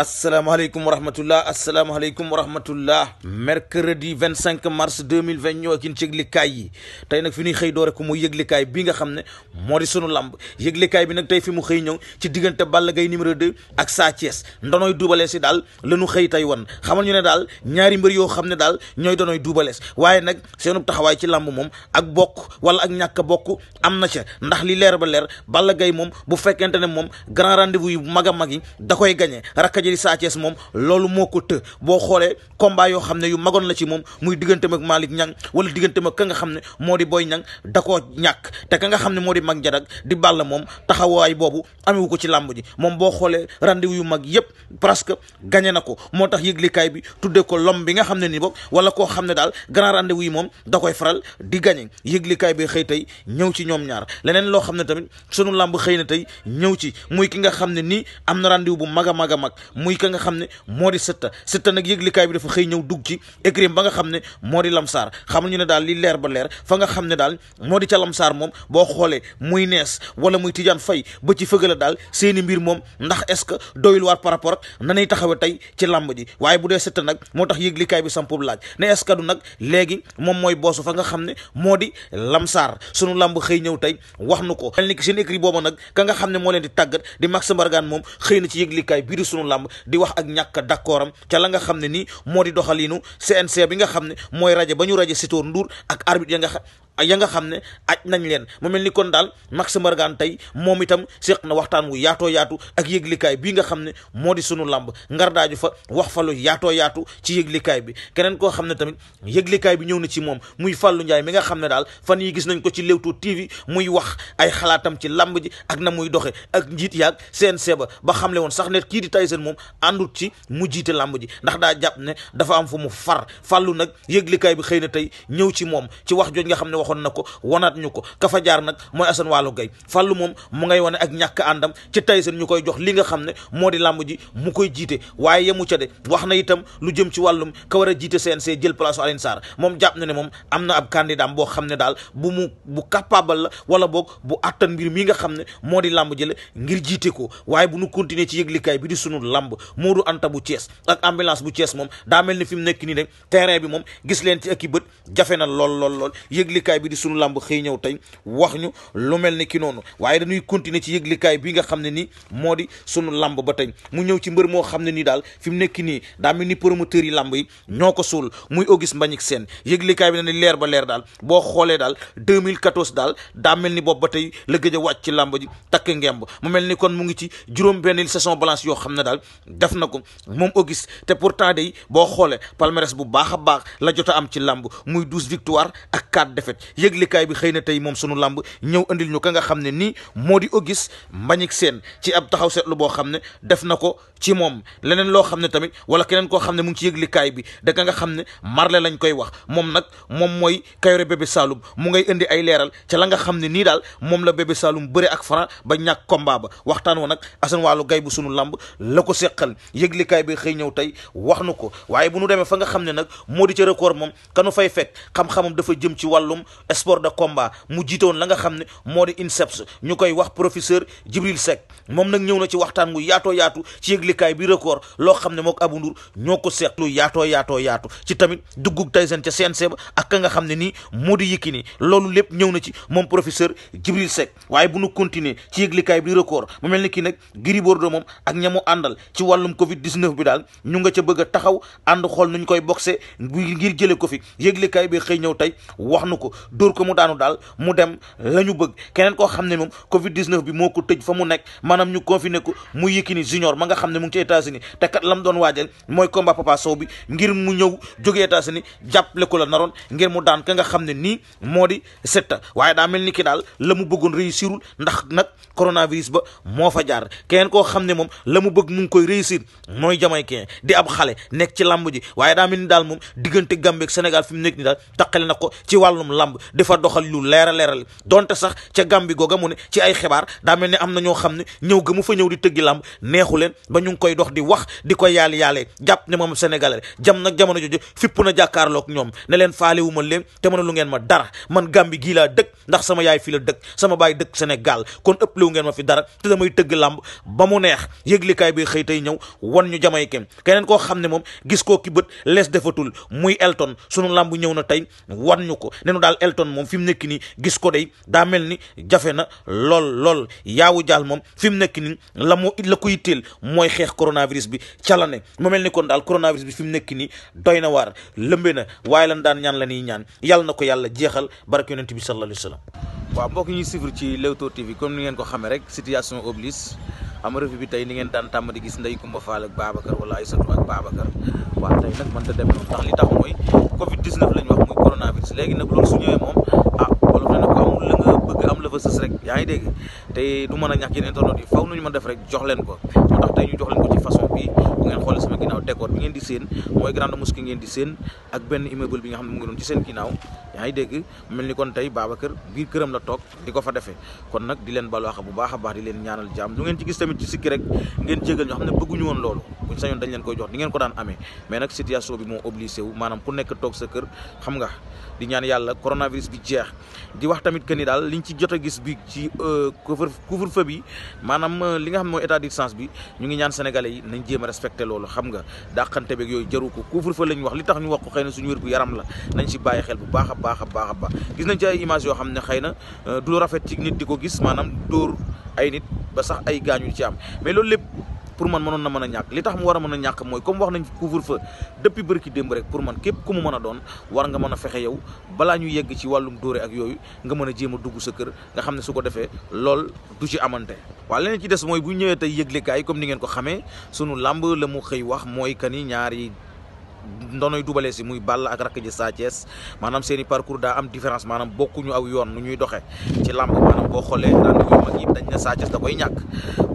asalaamaaleykum wa rahmatullah asalaamaaleykum wa rahmatullah mercredi 25 mars 2020 ñëw ak yéen ci yëglikaay yi tey nag fi ñuy xëy doore ko muy yëglikaay bi nga xam ne moo di sunu lamb yëglikaay bi nag tey fi mu xëy ñëw ci diggante Balla gay numéro de ak Sa Thiès ndonoy duubalees yi daal la ñu xëy tey wan xamal ñu ne daal ñaari mbër yoo xam ne daal ñooy donoy duubalees waaye nag seenu taxawaay ci lamb moom ak bokk wala ak ñàkk bokk am na ca ndax li leer ba leer Balla gay moom bu fekkente ne moom grand rendez yu mag a mag yi da koy gañe ji di Sa moom loolu moo ko të boo xoolee combat yoo xam ne yu magoon la ci moom muy diggante mag Malick Niang wala digganteem ak ka nga xam ne moo di Boy Niang da ñàkk te ka nga xam ne moo di mag jarak di Balla moom taxawaay boobu amewu ko ci làmb ji moom boo xoolee rendez yu mag yépp presque gagné na ko moo tax yëglikaay bi tuddee ko lom bi nga xam ne ni bokk wala koo xam ne daal grand rendez-vous yi moom da koy faral di gagné yëglikaay bi xëy tey ñëw ci ñoom ñaar leneen loo xam ne tamit sunu làmb xëy na tey ñëw ci muy ki nga xam ne nii am na rendez bu mag a mag a mag muy ka nga xam ne moo di Siteu Siteu nag yëglikaay bi dafa xëy ñëw dugg ci écrim ba nga xam ne moo di lamsaar xamal ñu ne daal li leer ba leer fa nga xam ne daal moo di ca lamsaar moom boo xoolee muy nees wala muy tijaan fay ba ci fëgal a daal seeni mbir moom ndax est-ce que doyul waar par rapport nanay taxawe tey làmb ji waaye bu dee Siteu nag moo tax yëglikaay bi sampub laaj ne est-ce que nag léegi moom mooy boosu fa nga xam ne moo di lamsaar sunu làmb xëy ñëw tey wax nu ko mel ni ki seen écrit booba ka nga xam ne moo leen di tàggat di Max Mbargane moom xëy na ci yëglikaay bii di sunu làmb di wax ak ñàkk d'accord am ca la nga xam ne nii moo di doxaliinu CNC bi nga xam ne mooy rajo ba ñu rajo Sitor Ndour ak arbitre ya nga xam ak ya nga xam ne aj nañ leen mu mel ni kon daal Max Mbargane tey moom itam séq na waxtaan wu yaatoo yaatu ak yëglikaay bii nga xam ne moo di sunu làmb ngar daaju fa wax fa lu yaatoo yaatu ci yëglikaay bi keneen koo xam ne tamit yëglikaay bi ñëw na ci moom muy fallu Ndiaye mi nga xam ne daal fan yi gis nañ ko ci Leewtoo TV muy wax ay xalaatam ci làmb ji ak na muy doxe ak njiit yaag CNG ba xam xamle woon sax ne kii di Tyson moom àndut ci mu jiite làmb ji ndax daa jàpp ne dafa am fu mu far nag yëglikaay bi xëy na tey ñëw ci moom ci wax jooj nga xam ne waxoon na ko wanaat ñu ko kafa jaar nag mooy Assane Walu Gueye fàllu moom mu ngay wane ak ñàkk àndam ci Tyson ñu koy jox li nga xam ne moo di làmb ji mu koy jiite waaye yemu ca de wax na itam lu jëm ci wàllum kawar war a jiite CNC jël place Alioune Sarr moom jàpp na ne moom am na ab candidat boo xam ne daal bu mu bu capable la wala boog bu attan mbir mi nga xam ne moo di làmb ji ngir jiite ko waaye bu nu continuer ci yëglikaay bi di sunu làmb Modou Anta bu Thiès ak ambulance bu Thiès moom daa mel ni fi mu nekk nii rek terrain bi moom gis leen ci ak i bët jafe na lool lool lool yëglikaay yëglikaay bi di sunu làmb xëy ñëw tey wax ñu lu mel ni ki noonu waaye dañuy continuer ci yëglikaay bi nga xam ne nii moo di sunu làmb ba tey mu ñëw ci mbër moo xam ne nii daal fi mu nekk nii daa mel ni promoteur yi làmb yi ñoo ko suul muy Auguste Mbagnick seen yëglikaay bi ne ni leer ba leer daal boo xoolee daal 2014 daal daa mel ni bopp ba tey la gëj wàcc ci làmb ji takk ngemb mu mel ni kon mu ngi ci juróom benn saison balance yoo xam ne daal def na ko moom Auguste te pourtant day boo xoolee palmarès bu baax a baax la jot am ci làmb muy douze victoire ak yëglikaay bi xëy na tey moom sunu làmb ñëw andil ñu ka nga xam ne nii moo di Auguste Mbagnick Sène ci ab taxaw seetlu boo xam ne def na ko ci moom leneen loo xam ne tamit wala keneen koo xam ne mu ngi ci yëglikaay bi da nga xam ne Marley lañ koy wax moom nag moom mooy Kayoré Bébé Saloum mu ngay indi ay leeral ca la nga xam ne nii daal moom la Bébé Saloum bëre ak Franc ba ñàkk combat ba waxtaan wa nag Assane Walu Gay bu sunu làmb la ko seqal yëglikaay bi xëy ñëw tey wax nu ko waaye bu nu demee fa nga xam ne nag moo di ca record moom kanu fay fekk xam-xamam dafa jëm ci wàllum sport de combat mu jiitoon la nga xam ne moo di INSEPS ñu koy wax professeur Djibril Seck moom nag ñëw na ci waxtaan gu yaatoo yaatu ci yëglikaay bi record loo xam ne mook Abou Ndour ñoo ko seq lu yaato yaatoo yaatu ci tamit duggug Tyson ca CNG ba ak ka nga xam ne nii moo di Yékini loolu lépp ñëw na ci moom professeur Djibril Seck waaye bu nu continuer ci yëglikaay bi record mu mel ni kii nag Gris Bordeaux moom ak ñamu àndal ci wàllum Covid 19 bi daal ñu nga ca bëgg a taxaw ànd xool nuñ koy boxe ngir jële ko fi yëglikaay bi xëy ñëw tey wax nu ko dóor ko mu daanu daal mu dem la ñu bëgg keneen koo xam ne moom Covid 19 bi moo ko tëj fa mu nekk maanaam ñu confiné ko mu Yékini Junior ma nga xam ne mu ngi ci États-Unis te kat la mu doon waajal mooy combat Papa Sow bi ngir mu ñëw jógee états jàppale ko la naroon ngir mu daan ka nga xam ne nii moo di Siteu waaye daa mel ni ki daal la mu bëggoon réussirul ndax nag coronavirus ba moo fa jaar keneen koo xam ne moom la mu bëgg mu ngi koy réussir mooy Jamaïcain di ab xale nekk ci làmb ji waaye daa mel ni daal moom diggante Gambie Sénégal fi mu nekk ni daal taqale na ko ci wàllum làmb làmb dafa doxal lu leer a leeral donte sax ca gàmbi googa mu ne ci ay xibaar daa mel ne am na ñoo xam ne ñëw ga mu fa ñëw di tëggi làmb neexu leen ba ñu ngi koy dox di wax di ko yaali yaalee jàpp ne moom sénégalais jam nag jamono jooju fipp na jàkkaarlook ñoom ne leen faalewu ma leen te mëna lu ngeen ma dara man gàmbi gii laa dëkk ndax sama yaay fi la dëkk sama baay dëkk senegal kon ëpp lewu ngeen ma fi dara te damay tëgg làmb ba mu neex yëglikaay bi xëy tey ñëw wan ñu jamayke keneen koo xam ne moom gis koo ki bët lees defatul muy Elton sunu làmb ñëw na tey daal Elton moom fi mu nekk nii gis ko day daa mel ni jafe na lool lool yaawu jaal moom fi mu nekk nii la moo la ko yitteel mooy xeex coronavirus bi ca la ne mu mel ni kon daal coronavirus bi fi mu nekk nii doy na waar lëmbe na waaye lan daan ñaan la ñuy ñaan yàlla na ko yàlla jeexal barke yonent bi sallallahu alayhi wa sallam mbokk ñuy suivre ci Leewtoo TV comme ni ngeen ko xamee rek situation oblige xam nga revue bi tey ni ngeen daan tàmm di gis Ndeye Coumba Fall ak Babacar wala Aïssatou ak Babacar waaw tey nag mënta demee noonu ndax li tax mooy Covid 19 la ñu wax muy coronavirus léegi nag loolu su ñëwee moom ah wolof na ko amul la nga bëgg am la fa sës rek yaa ngi dégg te du mën a ñàkk yeneen internautes yi faw nañu ma def rek jox leen ko. moo tax tey ñu jox leen ko ci façon bi bu ngeen xoolee sama ginnaaw décor bi ngeen di seen mooy grande mosquée ngeen di seen ak benn immeuble bi nga xam ne mu toog di ko fa defee kon nag di leen balu àq bu baax a baax leen ñaanal jàmm lu ngeen ci gis tamit ci sikki rek ngeen jégal ñoo xam ne bëgguñu woon loolu buñ sañoon dañ leen koy jox di ngeen ko daan amee mais nag situation bi moo obligé maanaam ku nekk toog sa kër xam nga di ñaan yàlla coronavirus bi jeex di wax tamit que ni daal liñ ci jot a gis euh, maanaam euh, li nga xam ne mooy état d'urgence bi ñu ngi ñaan sénégalais yi nañ jéema a respecté loolu xam nga dàqante beeg yooyu jaru ko couvre-feu lañ wax li tax ñu wax ko xëy su suñu wér gu yaram la nañ si bàyyi xel bu baax a baax a baax a baax gis nañ ci ay image yoo xam ne xëy na euh, du rafet ci nit di ko gis maanaam dóor ay nit ba sax ay gaañu ci am mais loolu lépp pour man mënoon na mën a ñàkk li tax mu war a mën a ñàkk mooy comme wax nañ couvre-feu depuis bërki démb rek pour man képp ku mu mën a doon war nga mën a fexe yow balaa ñu yegg ci wàllum dóore ak yooyu nga mën a jéem a dugg sa kër nga xam ne su ko defee lool du ci amante waaw leneen ci des mooy bu ñëwee tey yëglekaay comme ni ngeen ko xamee sunu làmb la mu xëy wax mooy kan yi ñaari ndonoy dubale si muy Balla ak rakk ji Sa Thiès maanaam seen i parcours daa am différence maanaam bokkuñu aw yoon nu ñuy doxe ci làmb maanaam boo xoolee rendez-vous yu mag yi dañ ne da koy ñàkk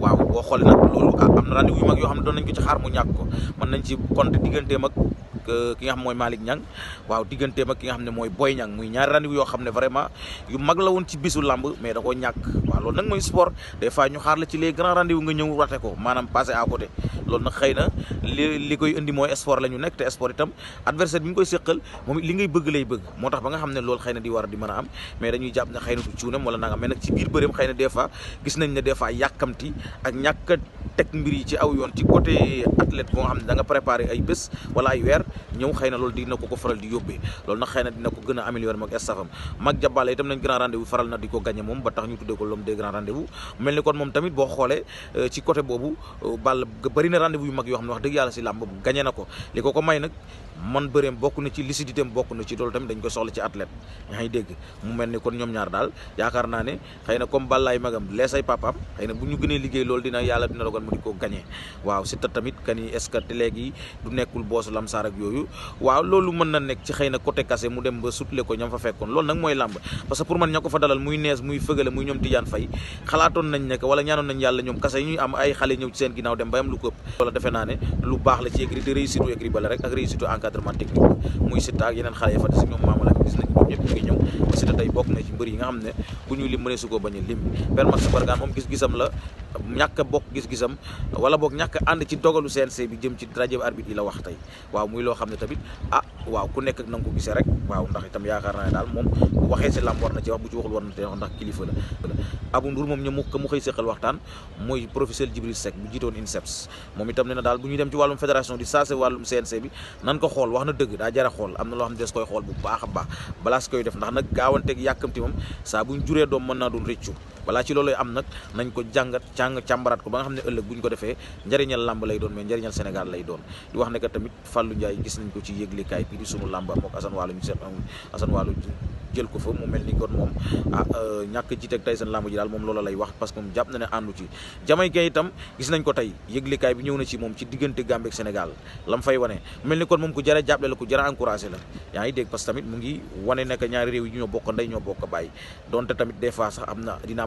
waaw boo xoolee nag loolu ah am na rendez-vous yu mag yoo xam ne doon nañ ko ci xaar mu ñàkk ko mën nañ ci compter digganteem ak Euh, ki nga xam mooy Malick Niang waaw digganteem ak ki nga xam ne mooy Boy Niang muy ñaari rendez yoo xam ne vraiment yu mag la woon ci bisu làmb mais da koo ñàkk waaw mooy sport des fois la ci les grands rendez-vous nga ñëw rate ko maanaam passé à côté loolu nag xëy na li li koy indi mooy sport la ñu nekk te sport itam adversaire bi ñu koy séqal moom li ngay bëgg lay bëgg moo tax ba nga xam ne loolu xëy na di war di mën a am mais dañuy jàpp ne xëy na du cuunam wala nangam mais ci biir bëreem xëy na gis nañ ne des fois yàkkamti ak ñàkk teg mbir yi ci aw yoon ci côté athlète boo xam ne da nga préparé ay bés wala ay weer ñëw xëy na loolu dina ko ko faral di yóbbee loolu nag xëy na dina ko gën a améliorer mag estafam mag jàbbaale itam nañ grand rendez faral na di ko gagné moom ba tax ñu tuddee ko l'homme des grands rendez-vous mel ni kon moom tamit boo xoolee euh, ci côté boobu euh, bàll bëri na yu mag yoo xam ne wax dëgg yàlla si làmb bu na ko li ko ko may nag man bëreem bokk na ci lucidité bokk na ci loolu tamit dañ ko soxla ci athlète yaa ngi dégg mu mel ni kon ñoom ñaar daal yaakaar naa ne xëy na comme bàllaay magam lees ay papaam xëy na bu ñu gënee liggéey loolu dina yàlla dina dogal ko gagné waaw si ta tamit kan yi est-ce que léegi du nekkul boosu lamsaar yooyu waaw loolu mën na nekk ci xëy na côté kase mu dem ba sutle ko ñam fa fekkoon loolu nag mooy làmb parce que pour man ña ko fa dalal muy nees muy fëgale muy ñoom Tidiane Faye xalaatoon nañ nekk wala ñaanoon nañ yàlla ñoom kase yi ñuy am ay xale ñëw ci seen ginnaaw dem ba am lu ko ëpp wala defe naa ne lu baax la ci écrit de réussite écrit ba la rek ak réussite encadrement technique muy sitta ak yeneen xale yi fa des ñoom maamala gis ngi ñëw parce que tey bokk na ci mbër yi nga xam ne bu ñu lim mënee su ko bañ a lim Père Max Mbargane moom gis-gisam la ñàkk a bokk gis-gisam wala boog ñàkk ànd ci dogalu CNC bi jëm ci rajo bi arbitre yi la wax tey waaw muy loo xam ne tamit ah waaw ku nekk ak na nga ko gisee rek waaw ndax itam yaakaar naa ne daal moom bu waxee si lamb war na ci wax wax ndax kilifa la Abou Ndour moom ñu mu ko mu xëy seqal waxtaan mooy professeur Djibril Seck bu jiitoon INSEPS na daal bu ñuy dem ci wàllum loo xam ne des bu baax a balaas koy def ndax nag gaawanteeg yàkkamti moom saa buñ juree doom mën naa doon rëccu balaa ci loolu am nag nañ ko jàngat càng càmbaraat ko ba nga xam ne ëllëg bu ko defee njëriñal làmb lay doon mais njëriñal Sénégal lay doon di wax ne tamit Fallou Ndiaye gis nañ ko ci yëglikaay bi di sunu làmb mook Assane Walu ñu seet Assane ah, euh, tey seen que moom jàpp na ne àndu ci jamay gay itam bi ñëw na ci moom ci diggante Gambie ak Sénégal lam fay wane mel ni kon moom ku jara jàppale la ku jara encouragé la yaa ngi dégg parce que tamit mu ngi wane ne que ñaari réew yi ñoo bokk ndey ñoo bokk bàyyi donte tamit des fois sax am na dina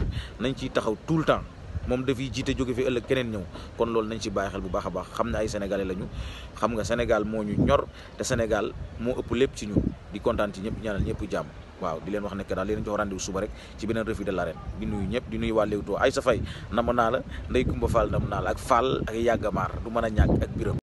nañ ciy taxaw tout le temps moom dafiy jiite jóge fi ëllëg keneen ñëw kon loolu nañ ci bàyyi xel bu baax a baax xam ne ay sénégalais lañu xam nga Sénégal moo ñu ñor te moo ëpp lépp ci ñu di kontaan ci ñëpp ñaanal ñëpp jàmm waaw di leen wax nekk daal leen jox rendez-vous suba rek ci beneen revue de l'arène di nuyu ñëpp di nuyu waa Leewtoo ay sa fay nam naa la Ndeye Kumba Fall nam naa la ak Fall ak Yàggamaar du mën a ñàkk ak biram